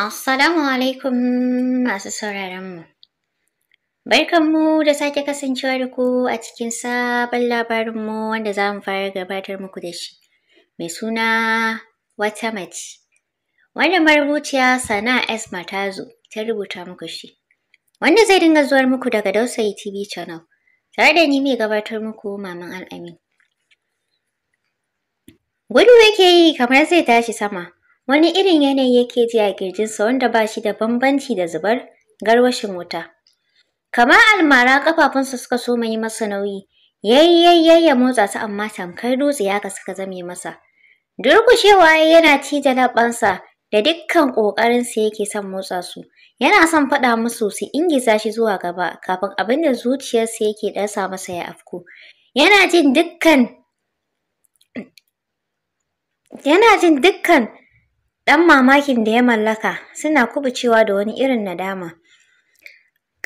Assalamu alaikum masu barkan Barkanmu da sake kasancewa da ku a cikin sabon labarinmu wanda za mu fara gabatar muku da shi. Mai suna wata mace. Wannan marubuciya sana S Matazo ta rubuta muku shi. Wanda zai dinga zuwar muku daga Dausayi TV channel. Tare da ni mai gabatar muku Maman Al'amin. Gudu yake yi kamar zai tashi sama. Wani irin yanayi yake ji a ƙirjinsa wanda ba shi da bambanci da zubar garwashin wuta. Kama almara ƙafafunsa suka so yi masa nauyi, yayyayyayi ya motsa su amma tamkar dutse haka suka zame masa. Durkushewa yana da laɓansa da dukkan ƙoƙarinsa yake son motsa su. Yana son faɗa musu su ingiza shi zuwa gaba kafin abin da zuciyarsa yake ɗasa masa ya afku. Yana jin dukkan yana jin dukkan Dan mamakin da ya mallaka suna kubucewa da wani irin nadama.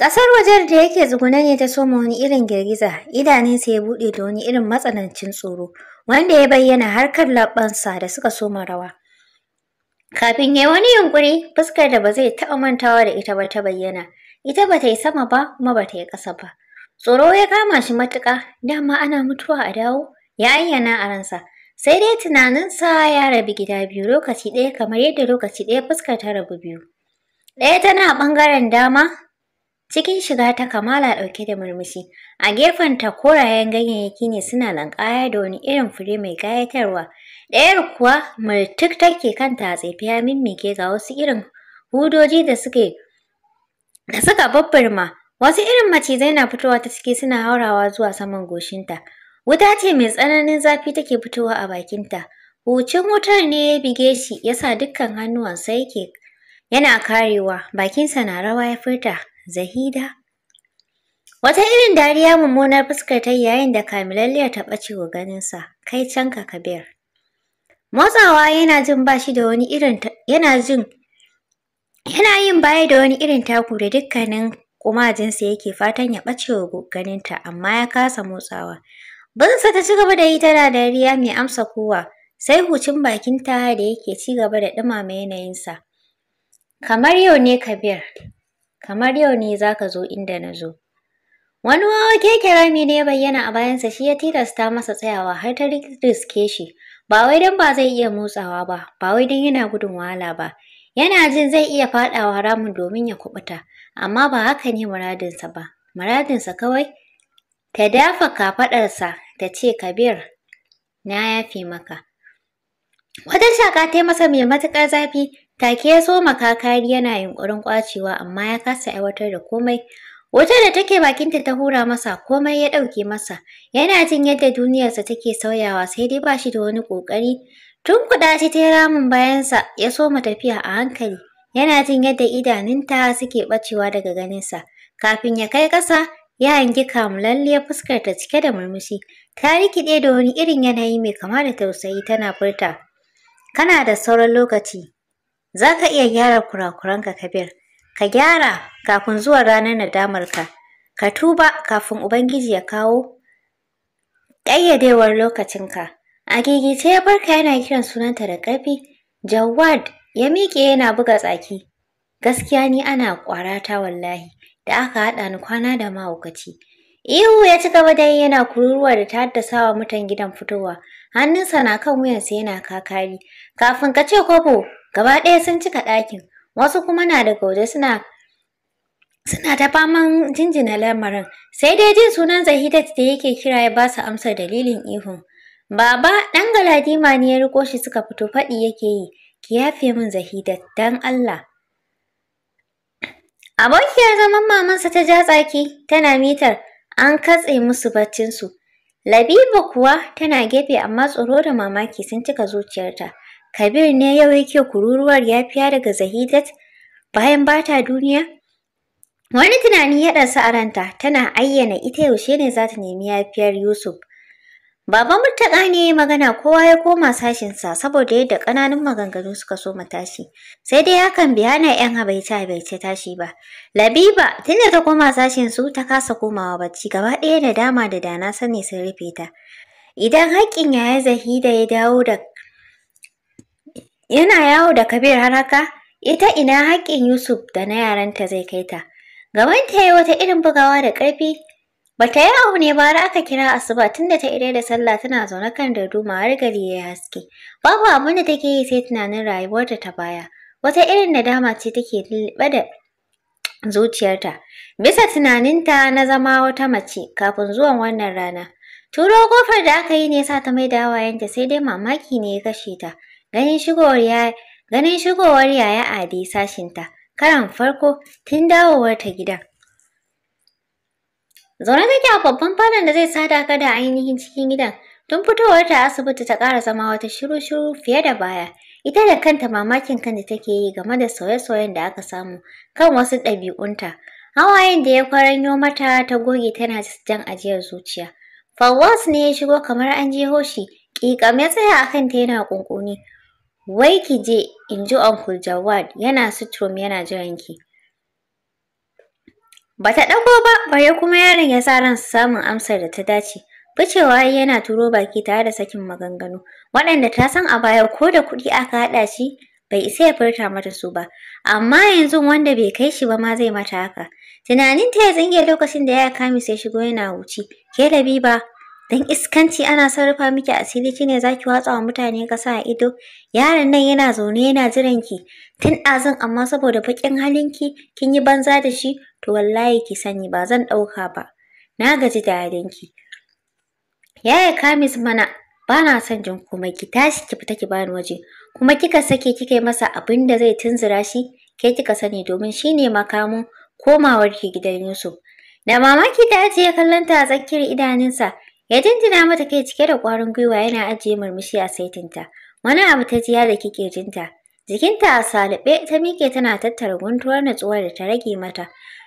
Ƙasar wajen da yake tsugune ne ta soma wani irin girgiza, idanunsa ya buɗe da wani irin matsanancin tsoro, wanda ya bayyana har kan labbansa da suka soma rawa. Kafin ya wani yunƙuri, fuskar da ba zai taɓa mantawa da ita ba ta bayyana, ita ba ta yi sama ba kuma ba ta yi ƙasa ba. Tsoro ya kama shi matuƙa, dama ana mutuwa a dawo, ya ayyana a ransa. Sai dai tunanin sa ya rabu gida biyu lokaci ɗaya kamar yadda lokaci ɗaya fuskar ta rabu biyu. Ɗaya tana ɓangaren dama cikin shiga ta kamala ɗauke da murmushi. A gefen ta korayen ganyayyaki ne suna lanƙaya da wani irin fure mai ƙayatarwa. Ɗayar kuwa murtuk take kanta a tsefiya, ya mimmike ga wasu irin hudoji da suke da suka babbarma. Wasu irin macizai na fitowa ta ciki suna haurawa zuwa saman goshinta. Wuta ce mai tsananin zafi take fitowa a bakinta. Hucin wutar ne ya bige shi ya sa dukkan hannuwansa yake yana karewa, bakinsa na rawa ya furta, Zahida. Wata irin dariya mummunar fuskar ta yayin da kamilalliyar ta ɓace wa ganinsa, kai can ka kabir. Motsawa yana jin ba shi da wani irin yana jin yana yin baya da wani irin taku da dukkanin kumajinsa yake fatan ya ɓace wa ganinta amma ya kasa motsawa. Bansa ta ci gaba da yi tana dariya mai amsa kowa, sai hucin bakin bakinta da yake ci gaba da ɗumama yanayinsa. Kamar yau ne Kabir, kamar yau ne za ka zo inda na zo. Wani wawa keke rami ne bayyana a bayansa shi ya tilasta masa tsayawa har ta riske shi, ba wai don ba zai iya motsawa ba, ba wai don yana gudun wahala ba. Yana jin zai iya faɗawa ramin domin ya kubuta, amma ba haka ne muradinsa ba. Muradinsa kawai ta dafa kafaɗarsa ta ce Kabir, na yafe maka. Wata shaka ta masa mai matuƙar zafi, take ya soma kakari yana yunƙurin ƙwacewa amma ya kasa aiwatar da komai. Wata da take bakinta ta hura masa komai ya ɗauke masa, yana jin yadda duniyarsa take sauyawa sai dai ba shi da wani ƙoƙari. Tun kuɗa ce ta yi ramin bayansa ya soma tafiya a hankali, yana jin yadda idanunta suke ɓacewa daga ganinsa. Kafin ya kai ƙasa, Ya lalliya fuskar ta cike da murmushi, ta rikide da wani irin yanayi mai kama da tausayi tana furta. Kana da sauran lokaci, za ka iya gyara kurakuranka Kabir, ka gyara kafin zuwa ranar nadamarka, ka tuba kafin Ubangiji ya kawo ƙayyadewar lokacinka. A gigice ya barka yana kiran sunanta da ƙarfi, Jawad ya miƙe yana buga tsaki. Gaskiya ni ana ƙwarata wallahi. da aka haɗa ni kwana da mahaukaci. Ihu ya ci gaba dai yana kururuwa da ta haddasa wa mutan gidan fitowa. Hannunsa na kan wuyansa yana kakari. Kafin ka ce kwabo, gaba ɗaya sun cika ɗakin. Wasu kuma na da gauje suna suna ta faman jinjina lamarin. Sai dai jin sunan Zahidat da yake kira ya ba su amsa dalilin ihun. Baba, ɗan Galadima ne ya riko shi suka fito faɗi yake yi. Ki yafe min Zahidat, dan Allah. Abokiyar zaman mamansa ta ja tsaki tana mitar an katse musu baccinsu. Labiba kuwa tana gefe amma tsoro da mamaki sun cika zuciyarta. Kabir ne yau yake kururuwar yafiya daga Zahidat bayan bata duniya? Wani tunani ya ɗansa a ranta tana ayyana ita yaushe ne za ta nemi yafiyar Yusuf. Baban Murtala ne ya magana kowa ya koma sashinsa saboda yadda ƙananun maganganu suka so mu tashi. Sai dai hakan bai hana 'yan habaice-habaice tashi ba. Labiba tunda ta koma sashinsu ta kasa komawa bacci gaba ɗaya da dama da dana sani sun rufe ta. Idan haƙƙin yaya Zahida ya dawo da yana yawo da Kabir har ita ina haƙƙin Yusuf da na yaranta zai kai ta. Gabanta ya yi wata irin bugawa da ƙarfi Bata yi aune ba har aka kira asuba tunda ta idai da sallah tana zaune kan duma har gari ya haske. Babu abin da take yi sai tunanin rayuwarta ta baya. Wata irin nadama ce take lulluɓe da zuciyarta. Bisa tunaninta na zama wata mace kafin zuwan wannan rana. Turo kofar da aka yi ne sa ta mai da hawayenta sai dai mamaki ne ya kashe ta. Ganin shigowar yaya ganin shigowar yaya Ade sashinta. Karan farko tun dawowar ta gidan. Zaune take a babban falon da zai sada ka da ainihin cikin gidan. Tun fitowar ta asibiti ta ƙara zama wata shiru-shiru fiye da baya. Ita da kanta mamakin kan da take yi game da sauye-sauyen da aka samu kan wasu ɗabi'unta. Hawayen da ya kwaranyo mata ta goge tana jan ajiyar zuciya. Fawwas ne ya shigo kamar an je hoshi, ƙiƙam ya tsaya a kanta yana ƙunƙuni. Wai ki je, in ji Uncle Jawad yana sutrum yana jiran ki. Ba ta ɗauko ba, bare kuma yaron ya sa ran samun amsar da ta dace. Ficewa yana turo baki tare da sakin maganganu, waɗanda ta san a baya ko da kuɗi aka haɗa shi bai isa ya furta mata su ba. Amma yanzu wanda bai kai shi ba ma zai mata haka. Tunanin ta ya tsinge lokacin da ya kame sai shigo yana wuce Ke Labiba, Dan iskanci ana sarrafa miki asiri kine zaki watsa wa mutane ƙasa a ido. Yaron nan yana zaune yana jiran ki. Tun ɗazun amma saboda baƙin halinki kin yi banza da shi to wallahi ki sani ba zan ɗauka ba. Na gaji da yarinki. Yaya kamis mana ba na son jin komai ki tashi ki fita ki bani waje. Kuma kika sake kika yi masa abin da zai tunzura shi ke kika sani domin shi ne makamun ki gidan Yusuf. Da mamaki ta ajiye kallonta a tsakiyar idanunsa. Ya dindina mata kai cike da ƙwarin gwiwa yana ajiye murmushi a saitinta. Wani abu ta jiya da kike jinta. Jikinta a salibe ta mike tana tattara guntuwar natsuwar da ta rage mata.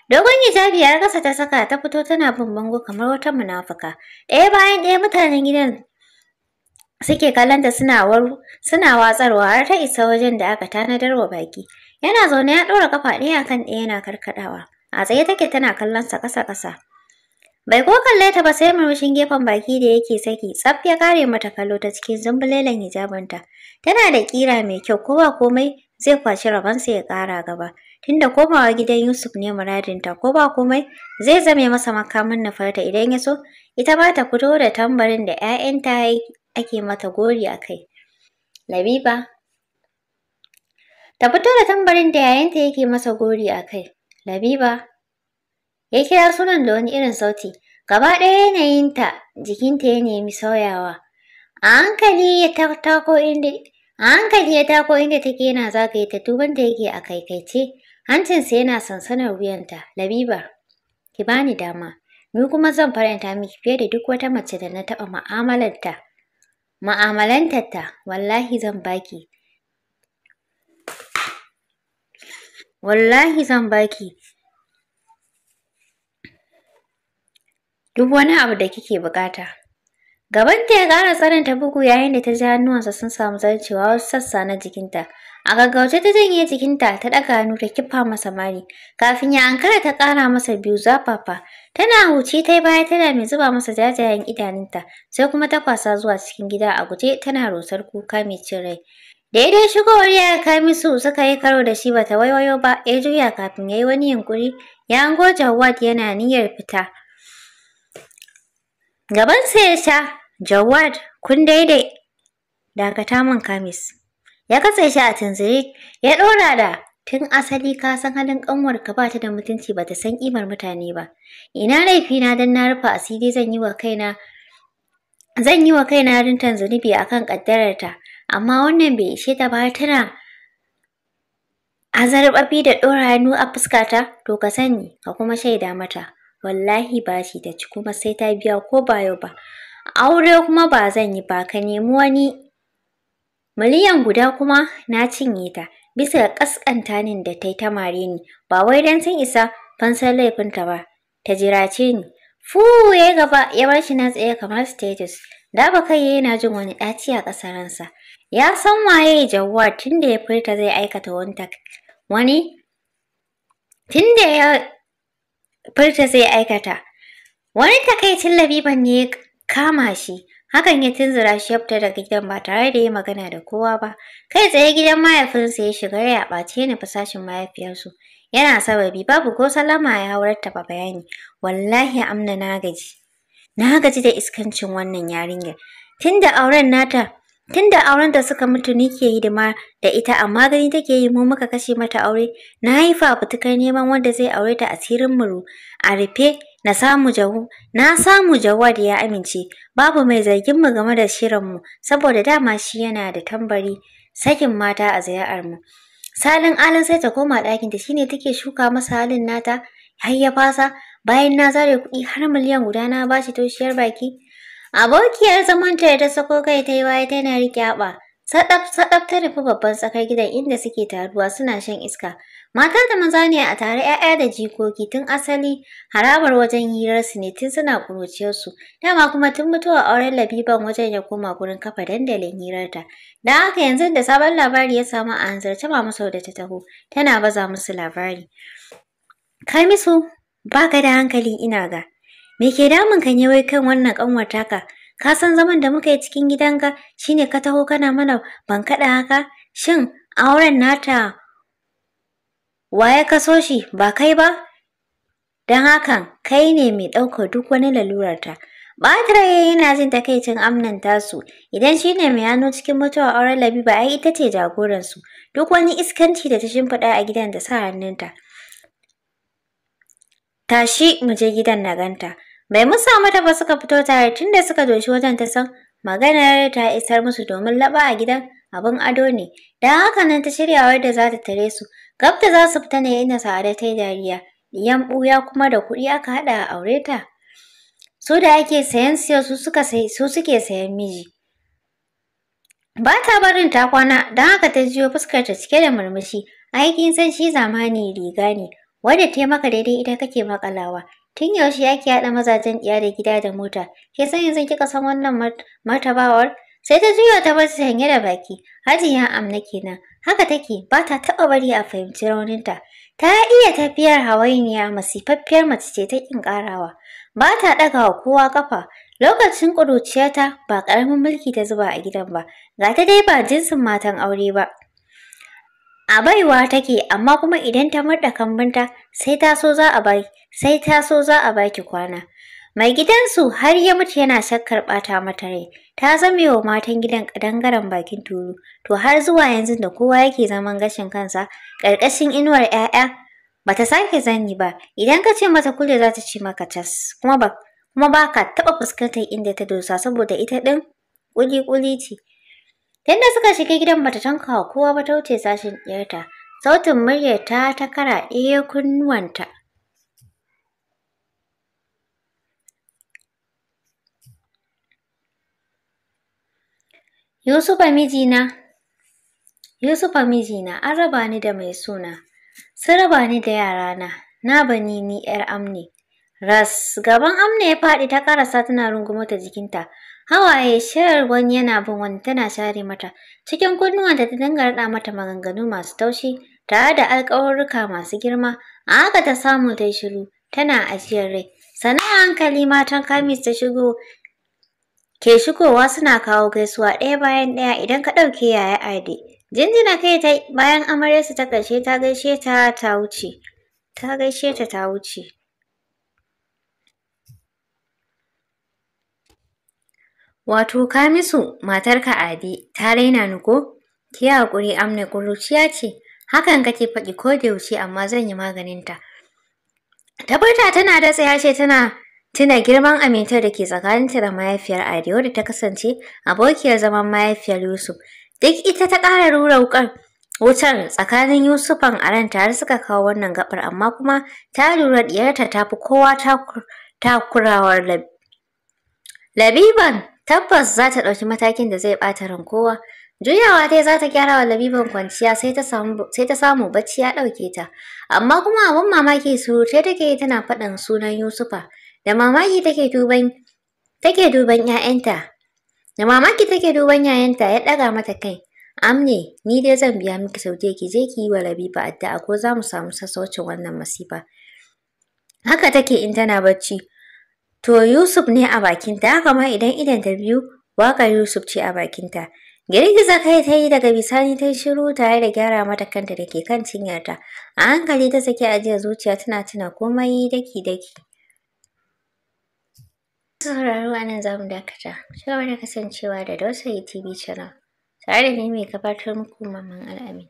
Dogon hijabi ya kasa ta saka ta fito tana bin bango kamar wata munafuka. Ɗaya bayan ɗaya mutanen gidan suke kallonta suna suna watsarwa har ta isa wajen da aka tanadar wa baki. Yana zaune ya ɗora kafa ɗaya kan ɗaya yana karkaɗawa. A tsaye take tana kallon sa ƙasa-ƙasa. Bai ko kalle ta ba sai murmushin gefen baki da yake saki tsaf ya kare mata kallo ta cikin zumbulelen hijabinta. Tana da kira mai kyau ko ba komai zai kwashi rabansa ya kara gaba. Tunda komawa gidan Yusuf ne muradinta ko ba komai zai zame masa makamin nafarta idan ya so ita ba ta fito da tambarin da 'ya'yanta ake mata gori a kai. Labiba ta fito da tambarin da yayanta yake masa gori a kai. Labiba ya kira sunan da wani irin sauti. Gaba ɗaya ta jikinta ya nemi sauyawa. A hankali ya tako inda a hankali ya tako inda take yana zagaye ta tuban da yake a kaikaice. Hancinsa yana sansanar wuyanta. Labiba, ki bani dama. Ni kuma zan faranta miki fiye da duk wata mace da na taɓa ma'amalanta. wallahi zan baki. Wallahi zan baki. duk wani abu da kike bukata. Gabanta ya ƙara tsananta bugu yayin da ta ji hannuwansa sun samu zancewa wasu sassa na jikinta. A gaggauce ta janye jikinta ta ɗaga hannu ta kifa masa mari. Kafin ya ankara ta ƙara masa biyu zafafa. Tana huce ta yi baya tana mai zuba masa jajayen idanunta sai kuma ta kwasa zuwa cikin gida a guje tana rosar kuka mai cin rai. Daidai shigowar ya kai musu suka yi karo da shi bata waiwayo ba ya juya kafin ya yi wani yunƙuri ya hango Jawad yana niyyar fita. gaban Gabansa ya sha, Jawad, kun daidai. Dakata min Kamis. Ya katse shi a tunzuri ya ɗora da tun asali ka san halin ƙanwar ka bata da mutunci bata san ƙimar mutane ba. Ina laifina don na rufe asiri zan yi wa kaina zan yi wa kaina rintan zunubi akan ta amma wannan bai ishe ta ba tana azarbabi da ɗora hannu a fuskata to ka sani ka kuma shaida mata wallahi ba shi da ci kuma sai ta biya ko ba yau ba aure kuma ba zan yi ba ka nemi wani miliyan guda kuma na cinye ta bisa ga kaskanta nin da ta yi ta mare ni ba wai dan sun isa fansar laifinta ba ta jira ce ni fu ya yi gaba ya bar shi na tsaye kamar status Da ba kai yana jin wani ɗaci a ƙasar sa. ya san waye jawwar da ya furta zai aikata wani wani da ya furta zai aikata. Wani takaicin labiban ne ya kama shi, hakan ya tunzura shi ya fita daga gidan ba tare da ya magana da kowa ba. Kai tsaye gidan mahaifinsa ya shiga ya ɓace ni fasashin mahaifiyarsu. Yana sababi babu ko salama ya haurar ta bayani. Wallahi amna na gaji. Na gaji da iskancin wannan yarinyar. Tunda auren nata Tunda auren da suka mutu ni ke hidima da ita amma gani take yi mu muka kashe mata aure na haifa fitukar neman wanda zai aure ta asirin muru a rufe na samu jahu na samu jawad ya amince babu mai zargin mu game da shirin mu saboda dama shi yana da tambari sakin mata a ziya'ar mu salin alin sai ta koma ɗakin ta shine take shuka masa halin nata har ya fasa bayan na zare kuɗi har miliyan guda na bashi shiyar baki Abokiyar zamanta ta sako kai ta yi waye tana riƙe haɓa. Saɗaf ta rufe babban tsakar gidan inda suke taruwa suna shan iska. Mata da maza ne a tare ƴaƴa da jikoki tun asali harabar wajen hirar su ne tun suna ƙuruciyarsu. Dama kuma tun mutuwar auren labiban wajen ya koma gurin kafa dandalin hirarta. Da haka yanzu da sabon labari ya samu a ta mama sau da ta taho tana baza musu labari. Kamisu ba ka da hankali ina ga. Me ke damun ka ne kan wannan kanwata taka? Ka san zaman da muka yi cikin gidanka shine ka taho kana mana ban bankaɗa haka? Shin auren nata waye ka so shi ba kai ba? dan hakan kai ne mai ɗaukar duk wani lalurarta. Batira yana jin takaicin amnan tasu, idan shi ne mai hannu cikin mutuwar auren Labiba ai ita ce jagoransu, duk wani iskanci da ta shimfiɗa a gidan da sa hannunta. Tashi mu je gidan na ganta. Bai musa mata ba suka fito tare tun da suka doshi wajen ta san maganar ta isar musu domin laɓa a gidan abin ado ne. Dan haka nan ta shirya wadda za ta tare su. Gab da za su fita ne ina Sa'ada ta yi dariya. Yan ɓuya kuma da kuɗi aka haɗa a aure ta. Su da ake sayan siya su suke sayan miji. Ba ta barin ta kwana don haka ta jiyo fuskarta cike da murmushi. Aikin san shi zamani riga ne. Wadda taimaka maka daidai ita kake makalawa. Tun yaushe ya ke haɗa mazajen ɗiya da gida da mota, ke san yanzu kika san wannan martabawar? Sai ta juya ta bar hanye da baki, hajiya amna kenan. Haka take, ba ta taɓa bari a fahimci rauninta. Ta iya tafiyar hawainiya masifaffiyar mace ce ta ƙin ƙarawa. Ba ta ɗaga wa kowa ƙafa. Lokacin ƙuruciyarta ba ƙaramin mulki ta zuba a gidan ba, ga ta dai ba jinsin matan aure ba. A baiwa take amma kuma idan ta murda kambunta sai ta so za a baki sai ta so za a baki kwana. Mai gidansu har ya mutu yana shakkar ɓata mata rai. Ta zame wa matan gidan kadangaren bakin turu To har zuwa yanzu da kowa yake zaman gashin kansa karkashin inuwar 'ya'ya bata sake zani ba. Idan ka ce mata kulle za ta ce maka cas kuma ba kuma baka ka taɓa fuskantar inda ta dosa saboda ita ɗin kuli-kuli ce. Tunda suka shiga gidan bata tanka kowa ba ta wuce sashin ɗiyarta. Sautin muryarta ta ɗaya kunnuwanta. Yusufa mijina, mijina an raba ni da mai suna, sun raba ni da yarana, na bani ni ‘yar amne. Ras, gaban amne ya faɗi ta ƙarasa tana rungumar ta jikinta, Hawaye shirar wani yana bin wani tana share mata. Cikin da ta dinga raɗa mata maganganu masu taushi tare da alƙawarruka masu girma. A haka ta samu ta shiru tana ajiyar rai. Sana hankali matan kamis ta shigo ke shigowa suna kawo gaisuwa ɗaya bayan ɗaya idan ka ɗauke yaya ade. Jinjina kai ta bayan amaryarsa ta ƙarshe ta gaishe ta ta wuce. Ta gaishe ta ta wuce. Wato Kamisu matarka Adi ta raina ni ko? Ki hakuri amna kuruciya ce, hakan kake faɗi ko da yaushe amma zan yi maganin ta Tabbata tana da tsaya ce tana tuna girman amintar da ke tsakaninta da mahaifiyar Adi wadda ta kasance abokiyar zaman mahaifiyar Yusuf. Duk ita ta ƙara rura wuƙar wutar tsakanin Yusufan a ranta har suka kawo wannan gaɓar amma kuma ta lura diyarta ta fi kowa kurawar Labiban Tabbas za ta ɗauki matakin da zai ɓata ran kowa. Juyawa dai za ta gyara wa labiban kwanciya sai ta samu bacci ya ɗauke ta. Amma kuma abin mamaki surutai take yi tana faɗin sunan Yusufa. Da mamaki take duban take duban ‘ya'yanta. Da mamaki take duban ‘ya'yanta ya ɗaga mata kai. Amne, ni dai zan biya miki sauke ki je ki yi wa Labiba addaa. ko za mu samu sassaucin wannan masifa. Haka take in tana bacci. To Yusuf ne a bakinta, haka idan idan ta biyu, waƙar Yusuf ce a bakinta. Girgiza kai ta yi daga bisani ta yi shiru tare da gyara mata kanta da ke kan cinyarta. A hankali ta saki ajiya zuciya tana tuna komai daki-daki. Sauraro a nan za mu dakata. Shawar da kasancewa da Dosa TV channel. Tare da ni mai gabatar muku Maman Al'amin.